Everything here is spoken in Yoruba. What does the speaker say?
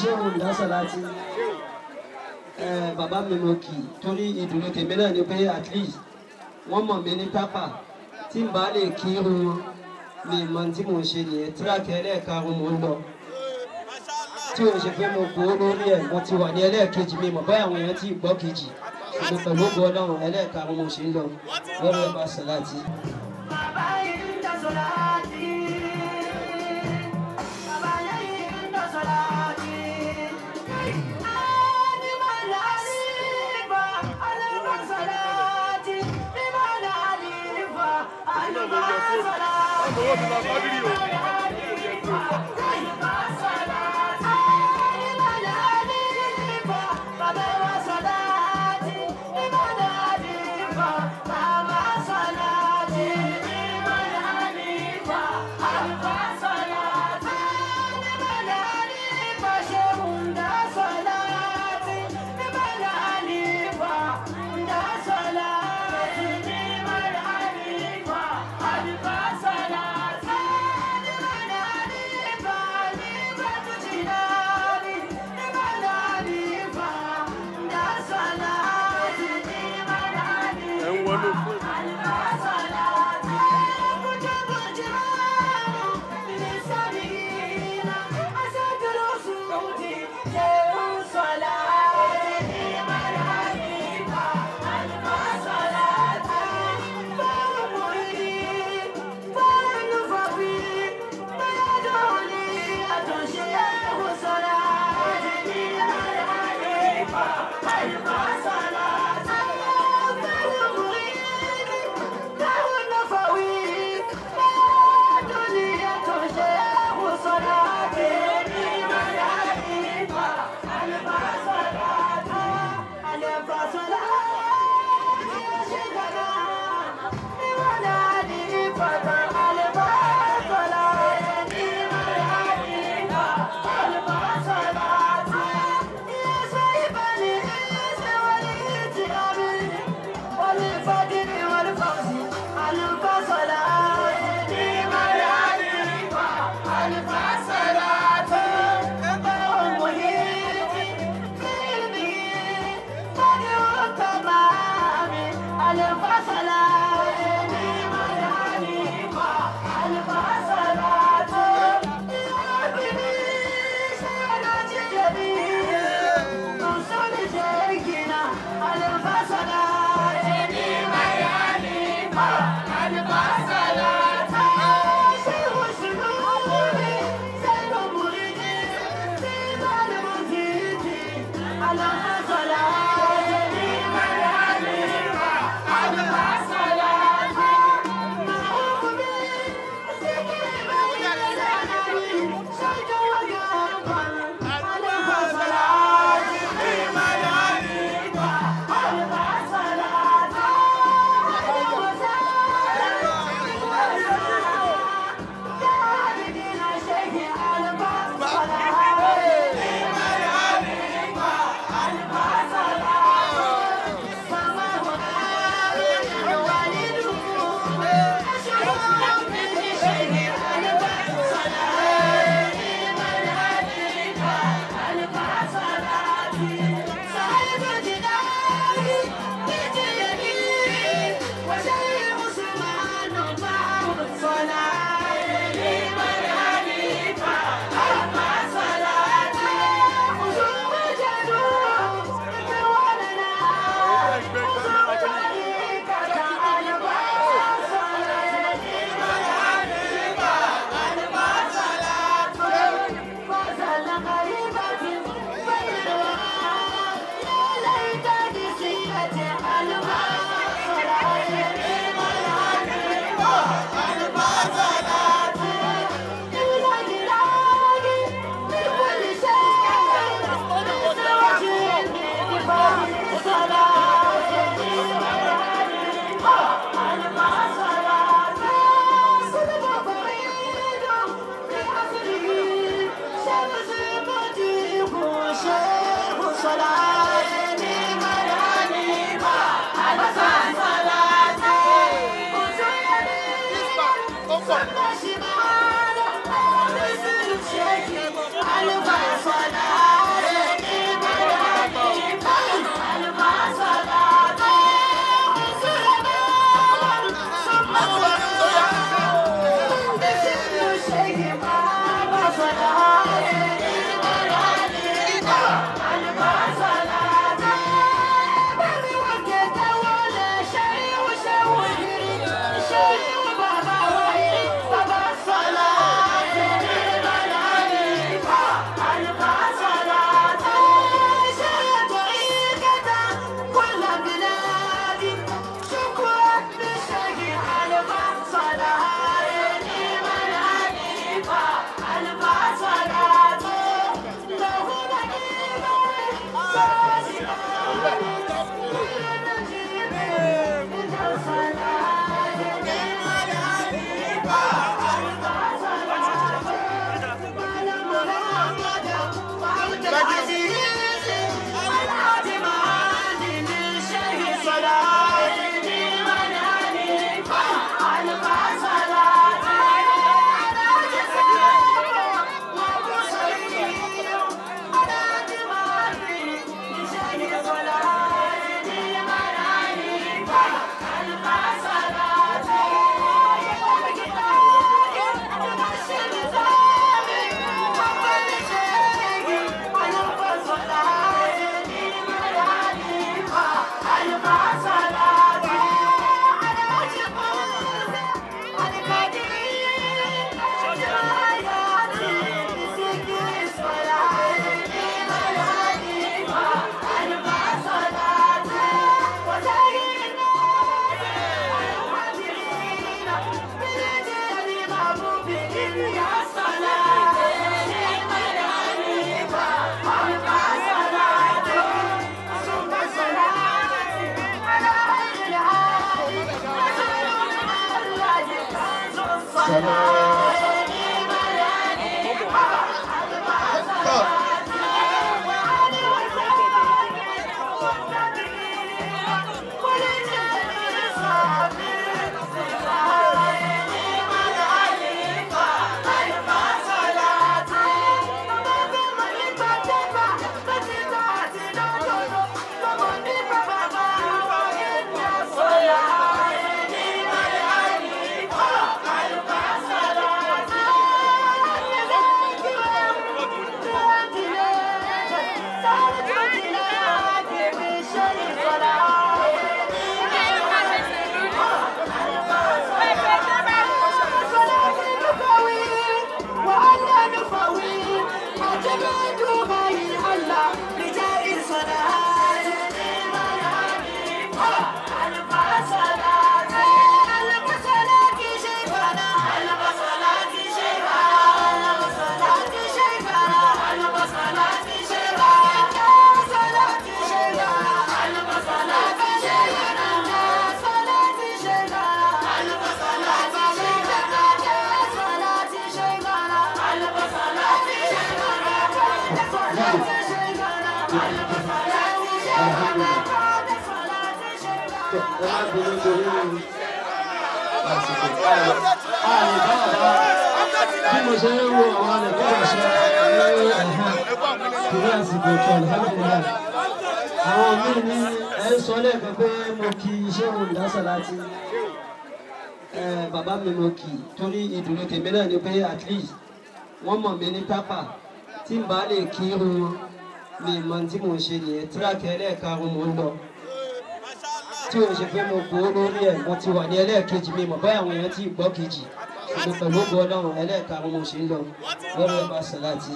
ṣéwù lásàlátì bàbá mi mo kì torí ìdùnnú tèmi náà ni pé at least wọ́n mọ̀ mí ní pápá tí n bá lè kí wọn mi mọ tí mò ń ṣe nìyẹn tíráàkì ẹlẹ́ẹ̀karùn-ún mò ń lọ tí o ṣe pé mo kó lórí ẹ̀ mo ti wà ní ẹlẹ́ẹ̀kejì mi mọ̀ báyà àwọn èèyàn ti gbọ́ kejì ṣùgbọ́n pẹ̀lú ògbó ọlọ́run ẹlẹ́ẹ̀karùn-ún mo ṣe ń lọ lọ́rọ̀ ẹ̀ bá sàlátì. bàbá yìí ń jà sọ́dá. 뭐가 아, 누나 빠지리요. Masala. Thank you. I live by a father. ẹ má bínú torí àsìkò báyìí báyìí báyìí bí mo ṣe ń wo àwọn àlùkò àṣà ní ẹ̀hán torí àsìkò tó alhamdulilah àwọn míì ní ẹ ń sọ lẹ́ẹ̀kan pé mo kí iṣẹ́ olùdásà láti bàbá mi mo kì torí ìdùnnú tèmi náà ni pé at least wọ́n mọ̀ mí ní pápá tí n bá lè kí irun mi mọ̀ tí mo ṣe nìyẹn tíráàkì ẹlẹ́ẹ̀karùn-ún mo ń lọ tí o ṣe pé mo kó lórí ẹ̀ mo ti wà ní ẹlẹ́ẹ̀kejì mi mọ̀ báyà àwọn èèyàn ti gbọ́ kejì ṣùgbọ́n pẹ̀lú ògbó ọlọ́run ẹlẹ́ẹ̀ka mo ṣe ń lọ lọ́rọ̀ ẹ̀ bá sọ láti.